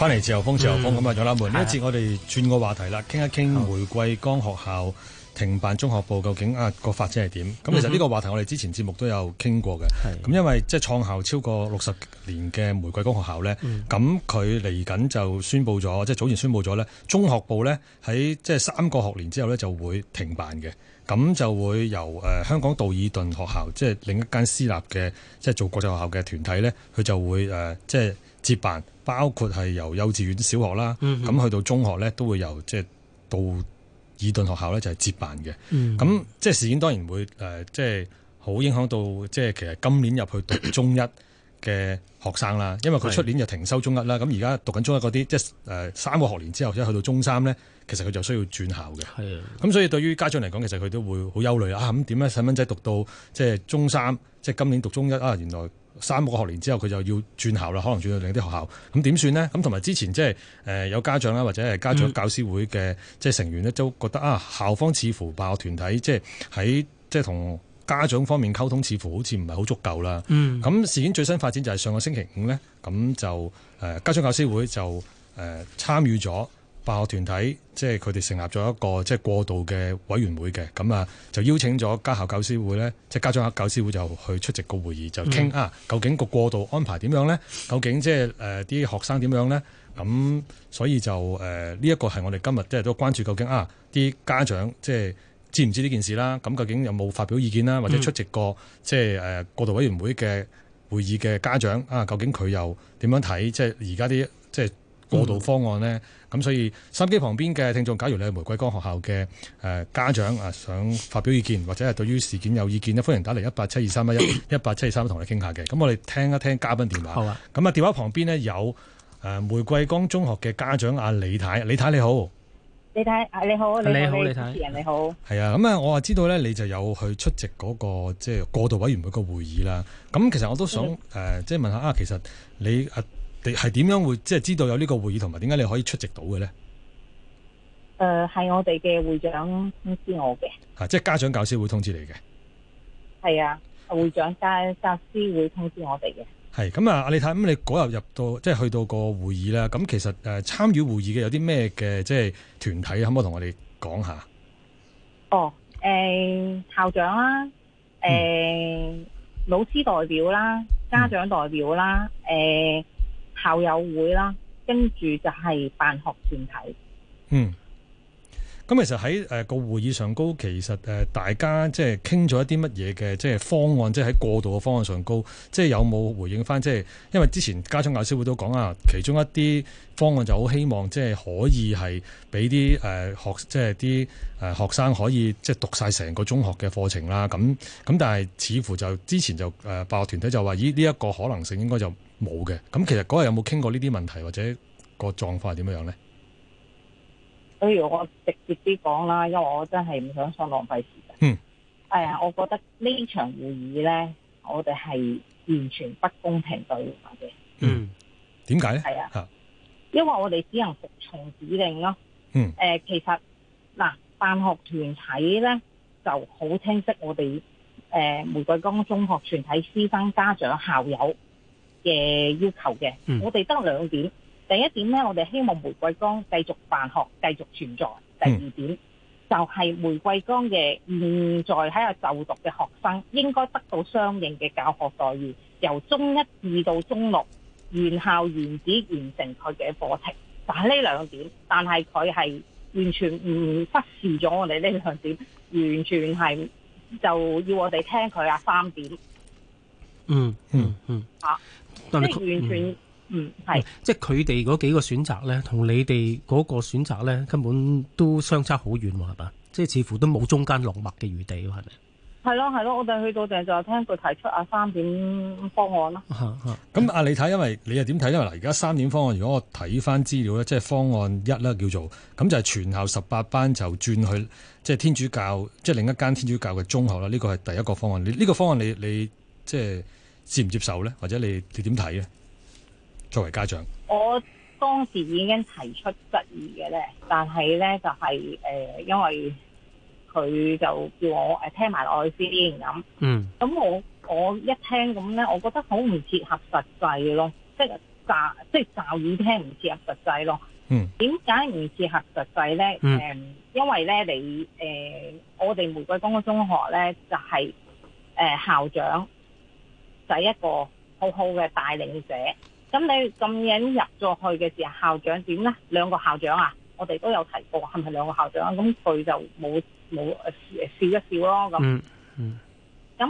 翻嚟自由風，自由風咁啊！楊立門呢、嗯、節，我哋轉個話題啦，傾一傾玫瑰崗學校停辦中學部究竟啊、那個發展係點？咁其實呢個話題我哋之前節目都有傾過嘅。咁、嗯、因為即創校超過六十年嘅玫瑰崗學校咧，咁佢嚟緊就宣布咗，即、就、係、是、早前宣布咗咧，中學部咧喺即三個學年之後咧就會停辦嘅。咁就會由香港道爾頓學校，即、就是、另一間私立嘅即、就是、做國際學校嘅團體咧，佢就會即、呃就是接辦包括係由幼稚園、小學啦，咁、嗯、去到中學呢都會由即係、就是、到伊頓學校呢就係、是、接辦嘅。咁、嗯、即係事件當然會誒、呃，即係好影響到即係其實今年入去讀中一嘅學生啦，因為佢出年就停收中一啦。咁而家讀緊中一嗰啲，即係、呃、三個學年之後，即係去到中三呢，其實佢就需要轉校嘅。咁所以對於家長嚟講，其實佢都會好憂慮啊。咁、嗯、點樣細蚊仔讀到即係中三？即係今年讀中一啊，原來。三個學年之後，佢就要轉校啦，可能轉去另啲學校。咁點算呢？咁同埋之前即係誒有家長啦，或者係家長教師會嘅即係成員咧，都、嗯、覺得啊，校方似乎辦學團體即係喺即係同家長方面溝通，似乎好似唔係好足夠啦。咁、嗯、事件最新發展就係上個星期五咧，咁就誒家長教師會就誒、呃、參與咗。辦學團體即係佢哋成立咗一個即係過渡嘅委員會嘅，咁啊就邀請咗家校教師會咧，即、就、係、是、家長教師會就去出席個會議就傾、嗯、啊，究竟個過渡安排點樣咧？究竟即係誒啲學生點樣咧？咁所以就誒呢一個係我哋今日即係都關注究竟啊啲家長即係知唔知呢件事啦？咁究竟有冇發表意見啦？或者出席過即係誒過渡委員會嘅會議嘅家長啊？究竟佢又點樣睇？即係而家啲過渡方案呢？咁所以收音機旁邊嘅聽眾，假如你係玫瑰崗學校嘅誒家長啊，想發表意見或者係對於事件有意見咧，歡迎打嚟 一八七二三一一，一八七二三同你傾下嘅。咁我哋聽一聽嘉賓電話。好啊。咁啊，電話旁邊呢？有誒玫瑰崗中學嘅家長阿李太，李太你好。李太，你好。你好，你好。主持人你好。係啊，咁啊，我啊知道呢，你就有去出席嗰個即係過渡委員會個會議啦。咁其實我都想誒，即係問下啊，其實你啊。係點樣會即係知道有呢個會議，同埋點解你可以出席到嘅咧？誒、呃，係我哋嘅會長通知我嘅，吓、啊、即係家長教師會通知你嘅，係啊。會長家教師會通知我哋嘅，係咁、嗯、啊。阿李太咁，你嗰日入到即係去到個會議啦。咁其實誒，參、呃、與會議嘅有啲咩嘅？即係團體可唔可以同我哋講下？哦，誒、呃，校長啦、啊，誒、呃嗯，老師代表啦、啊，家長代表啦、啊，誒、嗯。呃校友會啦，跟住就係辦學團體。嗯，咁其實喺誒個會議上高，其實誒大家即係傾咗一啲乜嘢嘅，即係方案，即係喺過渡嘅方案上高，即係有冇回應翻？即係因為之前家長教師會都講啊，其中一啲方案就好希望，即係可以係俾啲誒學，即係啲誒學生可以即係讀晒成個中學嘅課程啦。咁咁，但係似乎就之前就誒辦學團體就話，呢一個可能性應該就。冇嘅，咁其實嗰日有冇傾過呢啲問題或者個狀況係點樣咧？不如我直接啲講啦，因為我真係唔想再浪費時間。嗯。啊、哎，我覺得呢場會議咧，我哋係完全不公平對話嘅。嗯。點解咧？係啊。因為我哋只能服從指令咯。嗯。誒、呃，其實嗱、呃，辦學團體咧就好清晰我們。我哋誒玫瑰崗中學全體師生家長校友。嘅要求嘅，嗯，我哋得兩點。第一點呢，我哋希望玫瑰崗繼續辦學，繼續存在。第二點、嗯、就係、是、玫瑰崗嘅現、嗯、在喺度就讀嘅學生應該得到相應嘅教學待遇，由中一至到中六，原校原址完成佢嘅課程。但係呢兩點，但係佢係完全唔忽視咗我哋呢兩點，完全係就要我哋聽佢啊三點。嗯嗯嗯，嗯啊但係完全，嗯係、嗯嗯，即係佢哋嗰幾個選擇咧，同你哋嗰個選擇咧，根本都相差好遠喎，係嘛？即係似乎都冇中間落墨嘅餘地，係咪？係咯係咯，我哋去到就係聽佢提出啊三點方案啦。咁啊，你睇，因為你又點睇？因為嗱，而家三點方案，如果我睇翻資料咧，即係方案一啦，叫做咁就係全校十八班就轉去即係天主教，即係另一間天主教嘅中學啦。呢、呢個係第一個方案。你、呢、呢個方案你你，你即係。接唔接受咧？或者你你點睇咧？作為家長，我當時已經提出質疑嘅咧，但係咧就係、是、誒、呃，因為佢就叫我誒、呃、聽埋愛思啲咁。嗯。咁我我一聽咁咧，我覺得好唔切合實際咯，即係詐即係詐耳聽唔切合實際咯。嗯。點解唔切合實際咧？誒、嗯呃，因為咧你誒、呃，我哋玫瑰崗中學咧就係、是、誒、呃、校長。第一個很好好嘅帶領者，咁你咁樣入咗去嘅時候，校長點咧？兩個校長啊，我哋都有提過，係咪兩個校長啊？咁佢就冇冇、啊、笑一笑咯。咁、嗯，嗯，咁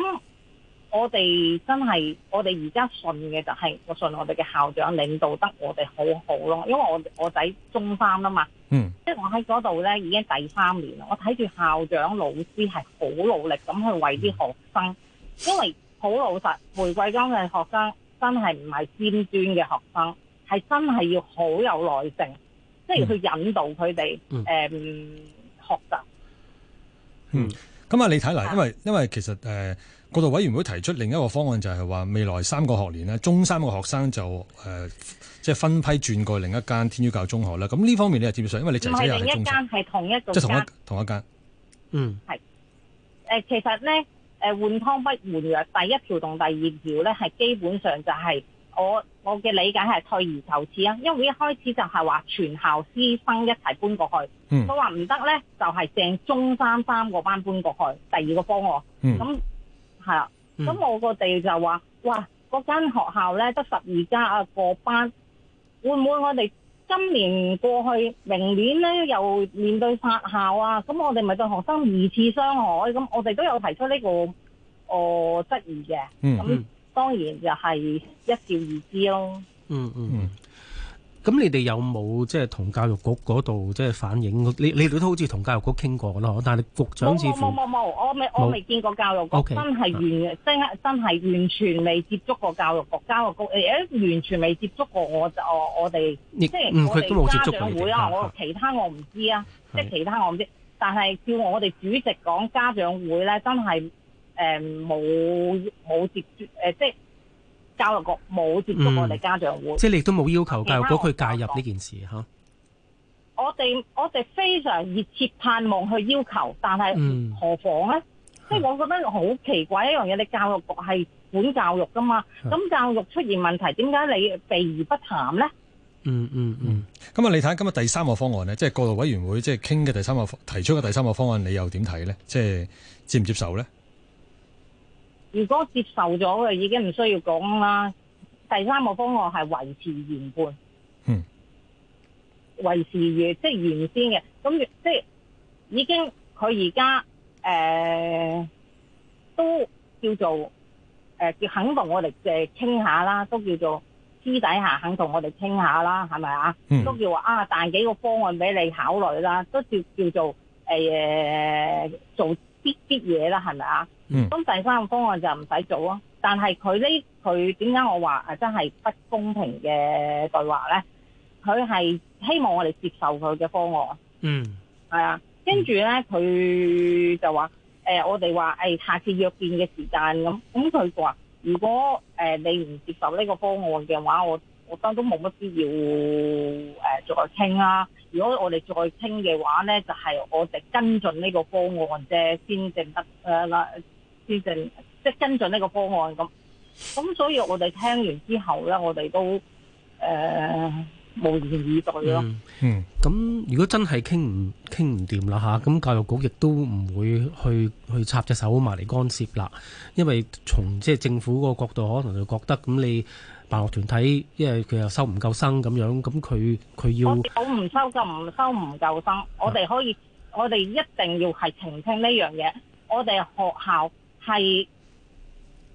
我哋真係我哋而家信嘅就係、是、我信我哋嘅校長領導得我哋好好咯，因為我我仔中三啦嘛，嗯，即係我喺嗰度咧已經第三年啦，我睇住校長老師係好努力咁去為啲學生，嗯、因為。好老實，玫瑰崗嘅學生真係唔係尖端嘅學生，係真係要好有耐性，即係去引導佢哋誒學習。嗯，咁、嗯、啊，嗯嗯、你睇嚟，因為因為其實誒，呃、過渡委員會提出另一個方案就係話，未來三個學年咧，中三個學生就誒，即、呃、係、就是、分批轉去另一間天主教中學啦。咁呢方面你又接受，因為你姐姐又一間係同一個間，即、就、係、是、同一同一間。嗯，係誒、呃，其實咧。誒換湯不換藥，第一條同第二條咧，係基本上就係我我嘅理解係退而求次啊，因為一開始就係話全校師生一齊搬過去，嗯、佢話唔得咧，就係、是、剩中三三個班搬過去，第二個方案，咁係啦，咁、嗯嗯、我個地就話，哇，嗰間學校咧得十二家啊個班，會唔會我哋？今年過去，明年咧又面對發校啊！咁我哋咪對學生二次傷害，咁我哋都有提出呢、呢個哦、呃、質疑嘅。嗯，咁、嗯、當然就係一調二知咯。嗯嗯嗯。咁你哋有冇即係同教育局嗰度，即係反映？你你都好似同教育局傾過囉。但係你局長似冇冇冇，我未我未見過教育局，okay, 真係完真真係完全未接觸過教育局，教育局完全未接觸過我我哋，即係嗯，佢都接觸到。我其他我唔知啊，即係其他我唔知，但係照我哋主席講家長會咧，真係冇冇接觸、呃、即係。教育局冇接觸過我哋家長會，嗯、即係你都冇要求教育局去介入呢件事嚇、啊。我哋我哋非常熱切盼望去要求，但係何妨呢？即、嗯、係我覺得好奇怪一樣嘢，你教育局係管教育噶嘛？咁、嗯、教育出現問題，點解你避而不談呢？嗯嗯嗯。咁、嗯、啊，嗯、你睇下今日第三個方案咧，即係過渡委員會即係傾嘅第三個提出嘅第三個方案，你又點睇呢？即、就、係、是、接唔接受呢？如果接受咗嘅，已經唔需要講啦。第三個方案係維持原判，嗯，維持原即原先嘅，咁即已經佢而家誒都叫做誒、呃、肯同我哋誒傾下啦，都叫做私底下肯同我哋傾下啦，係咪啊、嗯？都叫話啊，彈幾個方案俾你考慮啦，都叫叫做誒做。呃做啲啲嘢啦，係咪啊？咁、嗯、第三個方案就唔使做囉。但係佢呢？佢點解我話誒真係不公平嘅對話咧？佢係希望我哋接受佢嘅方案。嗯，係啊。跟住咧，佢、嗯、就話誒，我哋話誒，下次約見嘅時間咁。咁佢話如果誒你唔接受呢個方案嘅話，我。我覺得都冇乜必要誒再傾啦。如果我哋再傾嘅話呢，就係、是、我哋跟進呢個方案啫，先正得誒啦，先正、呃呃、即係跟進呢個方案咁。咁所以我哋聽完之後呢，我哋都誒、呃、無言以對咯。嗯，咁、嗯、如果真係傾唔傾唔掂啦嚇，咁教育局亦都唔會去去插隻手埋嚟干涉啦。因為從即係政府嗰個角度，可能就覺得咁你。辦學團體，因為佢又收唔夠生咁樣，咁佢佢要我我唔收就唔收唔夠生。我哋可以，我哋一定要係澄清呢樣嘢。我哋學校係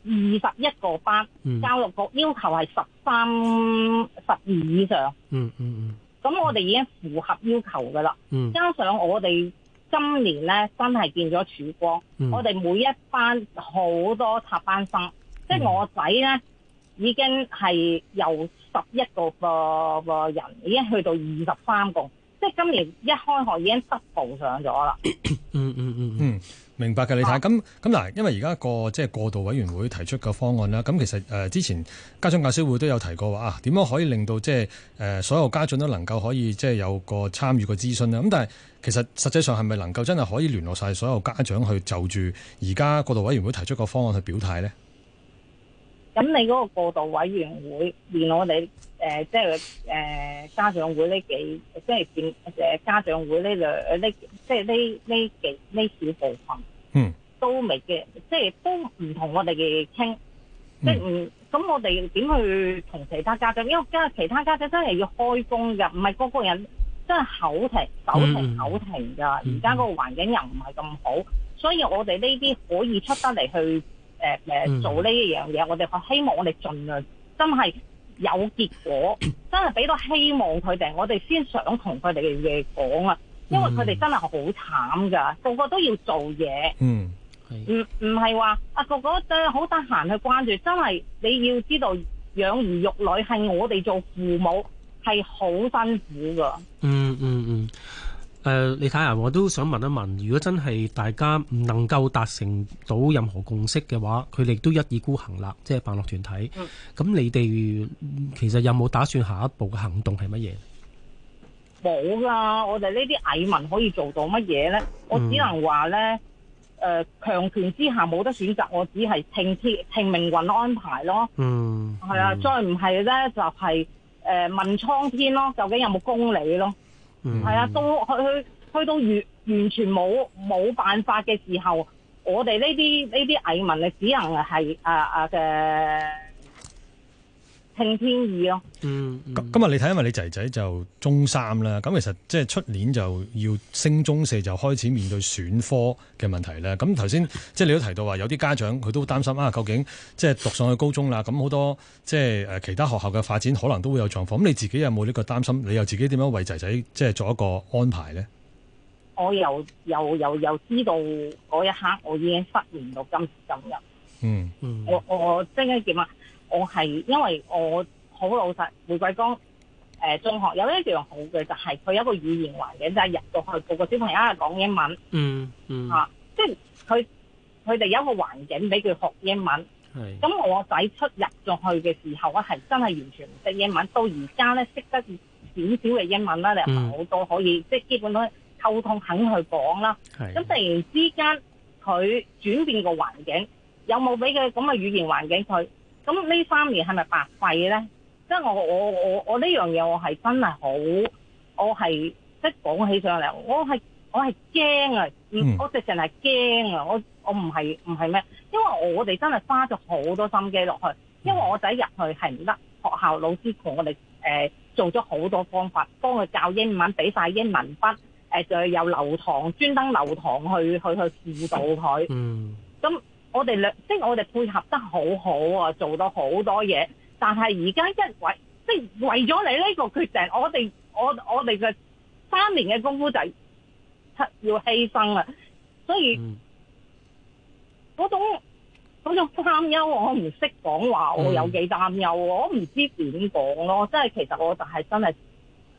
二十一個班，嗯，教育局要求係十三十二以上。嗯嗯嗯。咁、嗯、我哋已經符合要求噶啦。加、嗯、上我哋今年咧，真係見咗曙光。嗯，我哋每一班好多插班生，嗯，即係我仔咧。已經係由十一個個人已經去到二十三個，即係今年一開學已經失步上咗啦。嗯嗯嗯嗯，明白嘅，你睇咁，咁，嗱，因為而家個即係過渡委員會提出嘅方案啦。咁其實誒、呃、之前家長教師會都有提過話啊，點樣可以令到即係誒所有家長都能夠可以即係有個參與個諮詢咧。咁但係其實實際上係咪能夠真係可以聯絡晒所有家長去就住而家過渡委員會提出個方案去表態呢？咁你嗰個過渡委員會，連我哋誒、呃，即係誒、呃、家長會呢幾，即係誒家長會呢兩呢，即係呢呢幾呢少部分，嗯，都未嘅，即係都唔同我哋嘅傾，即係唔，咁我哋點去同其他家長？因為家其他家長真係要開工噶唔係個個人真係口停手停口停噶，而家、嗯嗯、個環境又唔係咁好，所以我哋呢啲可以出得嚟去。誒、嗯、誒，做呢一樣嘢，我哋希望我哋盡量真係有結果， 真係俾到希望佢哋，我哋先想同佢哋講啊，因為佢哋真係好慘噶，個個都要做嘢，嗯，唔唔係話啊個個都好得閒去關注，真係你要知道養兒育女係我哋做父母係好辛苦噶，嗯嗯嗯。嗯誒、呃，李太啊，我都想問一問，如果真係大家唔能夠達成到任何共識嘅話，佢哋都一意孤行啦，即係辦學團體。咁、嗯、你哋其實有冇打算下一步嘅行動係乜嘢？冇啦，我哋呢啲蟻民可以做到乜嘢呢？我只能話呢，誒、呃、強權之下冇得選擇，我只係聽天命運安排咯。嗯，係啊，再唔係呢，就係、是、誒、呃、問蒼天咯，究竟有冇公理咯？係 啊，到去去去到完完全冇冇辦法嘅時候，我哋呢啲呢啲蟻民只能啊，只能係啊啊嘅。聽天意咯，哦。嗯，咁今日你睇，因為你仔仔就中三啦，咁其實即係出年就要升中四，就開始面對選科嘅問題啦。咁頭先即係你都提到話，有啲家長佢都擔心啊，究竟即係讀上去高中啦，咁好多即係誒其他學校嘅發展可能都會有狀況。咁你自己有冇呢個擔心？你又自己點樣為仔仔即係做一個安排咧？我又又又又知道嗰一刻我已經失眠到今今日。嗯，我我我即係點啊？我係因為我好老實，玫瑰崗誒中學有一樣好嘅就係佢有一個語言環境，就係入到去個個小朋友係講英文。嗯嗯，嚇，即係佢佢哋有一個環境俾佢學英文。係。咁我仔出入咗去嘅時候咧，係真係完全唔識英文。到而家咧，識得少少嘅英文啦，定唔係好多可以即係基本可以溝通，肯去講啦。係。咁突然之間，佢轉變個環境，有冇俾佢咁嘅語言環境佢？咁呢三年係咪白費咧？即係我我我我呢樣嘢，我係真係好，我係即係講起上嚟，我係我係驚啊！嗯，我直情係驚啊！我我唔係唔係咩？因為我哋真係花咗好多心機落去，因為我仔入去係唔得，學校老師同我哋、呃、做咗好多方法，幫佢教英文，俾晒英文筆，呃、就係有留堂，專登留堂去去去輔導佢。嗯。我哋兩即係我哋配合得好好啊，做到好多嘢，但係而家一為，即係為咗你呢個決定，我哋我我哋嘅三年嘅功夫就係要犧牲啊，所以嗰種、嗯、種擔憂，我唔識講話，我有幾擔憂，嗯、我唔知點講咯，即係其實我就係真係。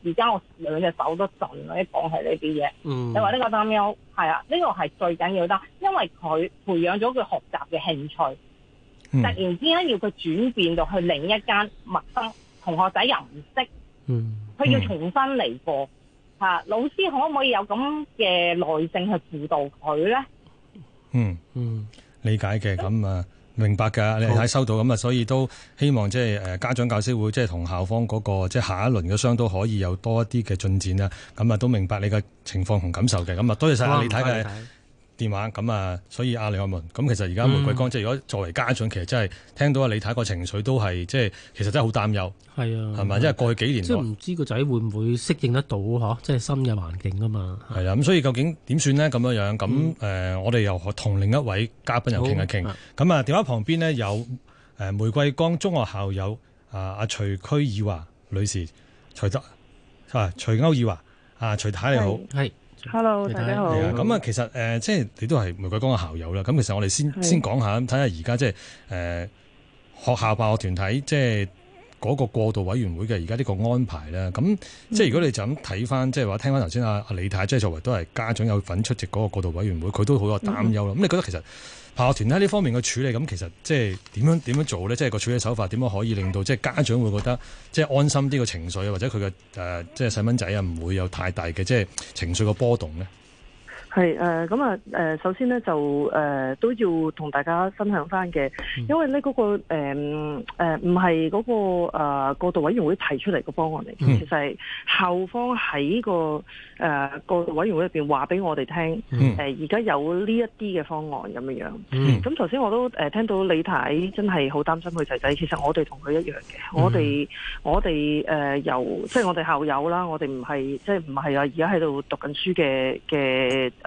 而家我兩隻手都震啦，講起呢啲嘢，嗯，你話呢個擔憂係啊，呢、呢個係最緊要得，因為佢培養咗佢學習嘅興趣、嗯，突然之間要佢轉變到去另一間陌生同學仔又唔識，嗯，佢要重新嚟過吓，老師可唔可以有咁嘅耐性去輔導佢咧？嗯嗯，理解嘅咁、嗯、啊。明白㗎，李太，收到咁啊，所以都希望即係家長、教師會，即係同校方嗰個，即係下一輪的商都可以有多一啲嘅進展啊，咁啊，都明白你嘅情況同感受嘅。咁啊，多謝晒李太嘅。電話咁啊，所以阿李愛文咁，其實而家玫瑰崗、嗯、即係如果作為家長，其實真係聽到阿李太個情緒都係即係其實真係好擔憂，係啊，係咪？因為、啊、過去幾年、啊、即係唔知個仔會唔會適應得到呵？即係新嘅環境啊嘛。係啊，咁、啊、所以究竟點算呢？咁樣樣咁誒、嗯呃，我哋又同另一位嘉賓又傾一傾。咁啊，電話旁邊呢，有誒玫瑰崗中學校友啊，阿徐區懿華女士，徐德係徐區懿華啊，徐太你好，係。hello，大家好。啊，咁啊，其實誒，即係你都係玫瑰崗嘅校友啦。咁其實我哋先先講下，睇下而家即係誒學校辦學團體即係。嗰、那個過渡委員會嘅而家呢個安排咧，咁即係如果你就咁睇翻，即係話聽翻頭先阿阿李太，即係作為都係家長有份出席嗰個過渡委員會，佢都好有擔憂咯。咁、嗯、你覺得其實學校團體喺呢方面嘅處理，咁其實即係點樣點樣做咧？即係個處理手法點樣可以令到即係家長會覺得即係安心啲嘅情緒，或者佢嘅誒即係細蚊仔啊，唔會有太大嘅即係情緒嘅波動咧？係誒，咁、呃、啊，誒、呃，首先咧就誒、呃、都要同大家分享翻嘅，因為咧嗰、嗰個誒誒唔係嗰個誒過渡委員會提出嚟嘅方案嚟、嗯，其實係校方喺、個誒過渡委員會入邊話俾我哋聽，誒而家有呢一啲嘅方案咁樣樣。咁頭先我都誒、呃、聽到李太真係好擔心佢仔仔，其實我哋同佢一樣嘅、嗯，我哋我哋誒、呃、由即係我哋校友啦，我哋唔係即係唔係話而家喺度讀緊書嘅嘅。誒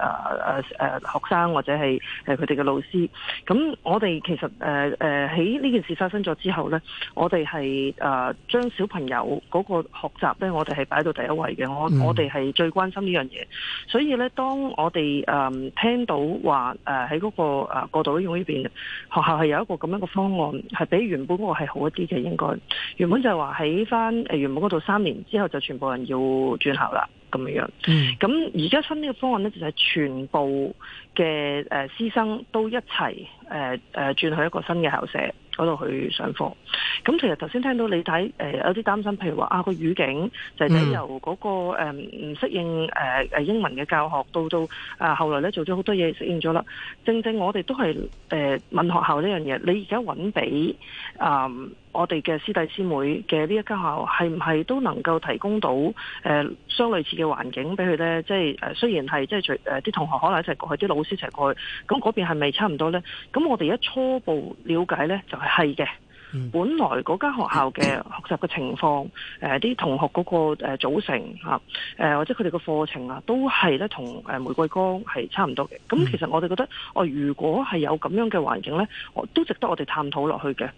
誒誒，學生或者係誒佢哋嘅老師，咁我哋其實誒誒喺呢件事發生咗之後咧，我哋係誒將小朋友嗰個學習咧，我哋係擺到第一位嘅。我我哋係最關心呢樣嘢，所以咧，當我哋誒、呃、聽到話誒喺嗰個誒、呃、過渡醫院呢邊學校係有一個咁樣嘅方案，係比原本個係好一啲嘅，應該原本就係話喺翻誒原本嗰度三年之後就全部人要轉校啦。咁樣樣，咁而家新呢個方案咧，就係、是、全部嘅誒、呃、師生都一齊誒誒轉去一個新嘅校舍嗰度去上課。咁其實頭先聽到你睇誒、呃、有啲擔心，譬如話啊語境就、那個語境，就係由嗰個誒唔適應誒誒、呃、英文嘅教學，到到啊、呃、後來咧做咗好多嘢適應咗啦。正正我哋都係誒、呃、問學校呢樣嘢，你而家搵俾啊？呃我哋嘅師弟師妹嘅呢一間學校係唔係都能夠提供到誒、呃、相類似嘅環境俾佢咧？即係誒、呃、雖然係即係除誒啲同學可能一齊過去，啲老師一齊過去，咁嗰邊係咪差唔多咧？咁我哋一初步了解咧，就係係嘅。本來嗰間學校嘅學習嘅情況，誒，啲、 呃、同學嗰個誒組成吓，誒、呃，或者佢哋嘅課程啊，都係咧同誒玫瑰崗係差唔多嘅。咁 其實我哋覺得，哦、呃，如果係有咁樣嘅環境咧，我都值得我哋探討落去嘅。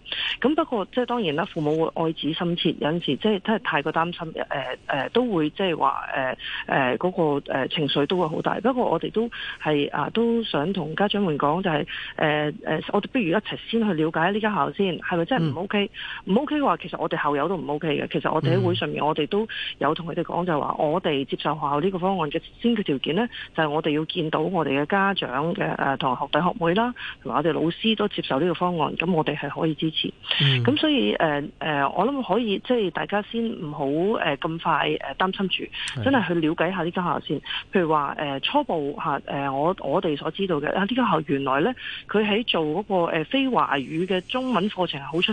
咁不過即係當然啦，父母會愛子深切，有陣時即係真係太過擔心，誒、呃、誒、呃，都會即係話誒誒嗰個誒情緒都會好大。不過我哋都係啊，都想同家長們講就係、是，誒、呃、誒、呃，我哋不如一齊先去了解呢間校先，係咪真係？唔、嗯、OK，唔 OK 嘅話，其實我哋校友都唔 OK 嘅。其實我哋喺、OK、會上面、嗯，我哋都有同佢哋講，就係話我哋接受學校呢個方案嘅先決條件咧，就係、是、我哋要見到我哋嘅家長嘅誒同學弟學妹啦，同埋我哋老師都接受呢個方案，咁我哋係可以支持。咁、嗯、所以誒誒、呃、我諗可以即係大家先唔好誒咁快誒擔心住，真係去了解一下呢間學校先。譬如話誒、呃、初步吓誒、啊呃、我我哋所知道嘅啊，呢間學校原來咧佢喺做嗰個誒非華語嘅中文課程係好出。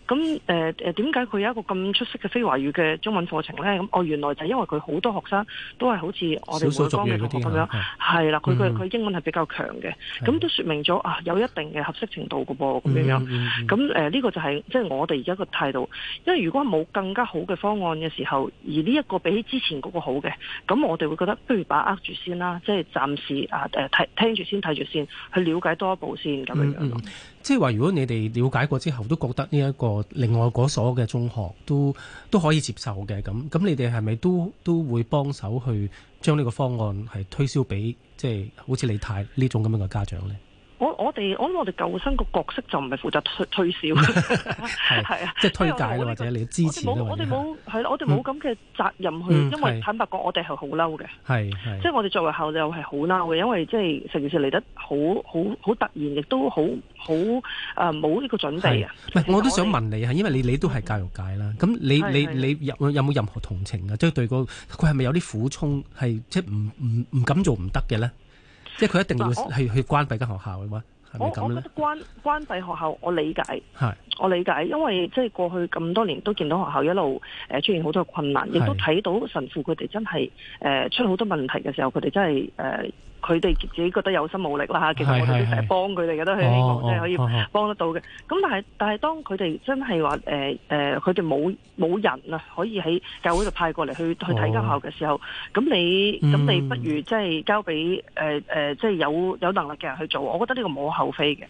咁誒誒點解佢有一個咁出色嘅非華語嘅中文課程咧？咁、哦、我原來就因為佢好多學生都係好似我哋海光嘅同學咁樣，係啦，佢佢佢英文係比較強嘅，咁、嗯、都說明咗啊有一定嘅合適程度嘅噃，咁樣樣。咁、嗯、呢、嗯呃呢個就係即係我哋而家個態度，因為如果冇更加好嘅方案嘅時候，而呢一個比起之前嗰個好嘅，咁我哋會覺得不如把握住先啦，即、就、係、是、暫時啊睇、呃、聽住先，睇住先去了解多一步先咁樣樣、嗯嗯。即係話如果你哋了解過之後，都覺得呢、這、一個。另外嗰所嘅中學都都可以接受嘅，咁咁你哋係咪都都會幫手去將呢個方案係推銷俾即係好似李太呢種咁樣嘅家長呢？我哋我我哋舊生個角色就唔係負責推推銷，係 啊，即係推介、呢個、或者你支持我哋冇係我哋冇咁嘅責任去、嗯，因為坦白講，我哋係好嬲嘅，係即係我哋作為校友係好嬲嘅，因為即係成件事嚟得好好好突然，亦都好好誒冇呢個準備啊。唔係，我都想問你啊，因為你你都係教育界啦，咁、嗯、你你你，你有有冇任何同情啊？即、就、係、係、對、嗰個佢係咪有啲苦衷，係即係唔唔唔敢做唔得嘅咧？即係佢一定要係去關閉間學校嘅咩？我係咪咁樣我，我覺得關關閉學校，我理解，係我理解，因為即係過去咁多年都見到學校一路誒、呃、出現好多困難，亦都睇到神父佢哋真係誒、呃、出好多問題嘅時候，佢哋真係誒。呃佢哋自己覺得有心無力啦嚇，其實我哋都成日幫佢哋嘅，是是是都係希望即係可以幫得到嘅。咁、哦哦哦、但係但係當佢哋真係話誒誒，佢哋冇冇人啊，可以喺教會度派過嚟去、哦、去睇間校嘅時候，咁你咁你不如即係、嗯、交俾誒誒，即、呃、係、呃即係、有有能力嘅人去做。我覺得呢個冇可厚非嘅。咁、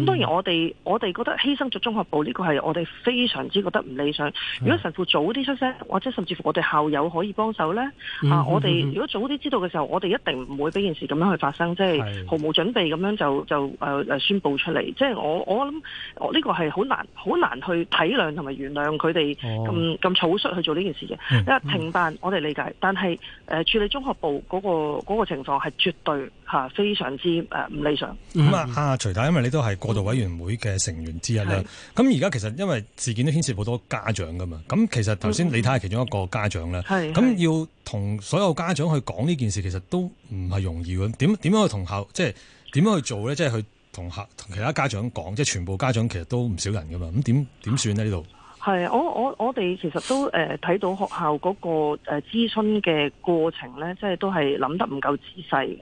嗯、當然我哋我哋覺得犧牲咗中學部呢、呢個係我哋非常之覺得唔理想。如果神父早啲出聲，或者甚至乎我哋校友可以幫手咧、嗯、啊！我哋、嗯、如果早啲知道嘅時候，我哋一定唔會俾件事。咁樣去發生，即係毫無準備咁樣就就誒誒宣布出嚟。即係我我諗，我呢個係好難好難去體諒同埋原諒佢哋咁咁草率去做呢件事嘅。因為停辦我哋理解，嗯、但係誒、呃、處理中學部嗰個嗰個情況係絕對吓非常之誒唔理想。咁、嗯嗯嗯、啊，阿徐太，因為你都係過渡委員會嘅成員之一啦。咁而家其實因為事件都牽涉好多家長噶嘛。咁其實頭先你睇下其中一個家長咧。係。咁要同所有家長去講呢件事，其實都唔係容易，點點樣去同校，即係點樣去做呢？即係去同校同其他家長講，即係全部家長其實都唔少人㗎嘛。咁點點算呢？呢度係我我我哋其實都誒睇、呃、到學校嗰、那個誒諮詢嘅過程呢，即係都係諗得唔夠仔細嘅。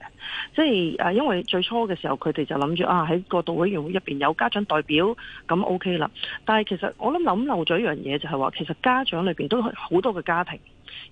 即係啊，因為最初嘅時候佢哋就諗住啊喺個督導委員會入邊有家長代表咁 OK 啦。但係其實我諗諗漏咗一樣嘢，就係、是、話其實家長裏邊都好多嘅家庭。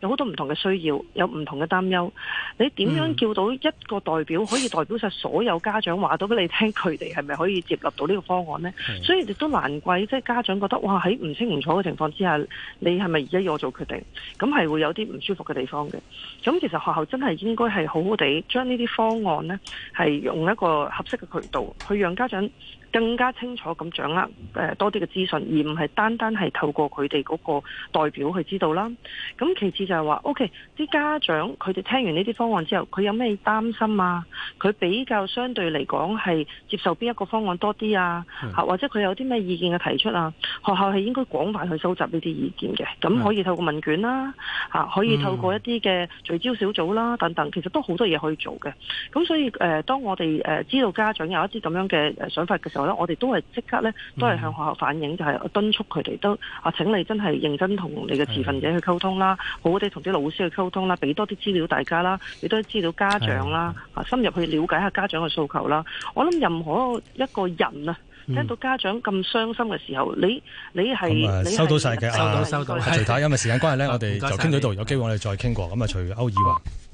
有好多唔同嘅需要，有唔同嘅擔憂，你點樣叫到一個代表、嗯、可以代表晒所有家長話到俾你聽，佢哋係咪可以接納到呢個方案咧、嗯？所以亦都難怪即係家長覺得哇喺唔清唔楚嘅情況之下，你係咪而家要我做決定？咁係會有啲唔舒服嘅地方嘅。咁其實學校真係應該係好好地將呢啲方案咧，係用一個合適嘅渠道去讓家長，更加清楚咁掌握誒、呃、多啲嘅資訊，而唔係單單係透過佢哋嗰個代表去知道啦。咁其次就係話 OK 啲家長佢哋聽完呢啲方案之後，佢有咩擔心啊？佢比較相對嚟講係接受邊一個方案多啲啊？吓或者佢有啲咩意見嘅提出啊？學校係應該廣泛去收集呢啲意見嘅，咁可以透過問卷啦，吓、啊、可以透過一啲嘅聚焦小組啦、嗯、等等，其實都好多嘢可以做嘅。咁所以誒、呃、當我哋誒、呃、知道家長有一啲咁樣嘅誒想法嘅時候，我哋都係即刻咧，都係向學校反映，就係、是、敦促佢哋都啊，請你真係認真同你嘅持份者去溝通啦，好好哋同啲老師去溝通啦，俾多啲資料大家啦，亦都知道家長啦，深入去了解下家長嘅訴求啦。我諗任何一個人啊，聽到家長咁傷心嘅時候，你你係收到晒嘅，收到、啊收到啊、收到。徐、啊、太，除因為時間關係咧， 我哋就傾到度，有機會我哋再傾過。咁啊，徐區懿華。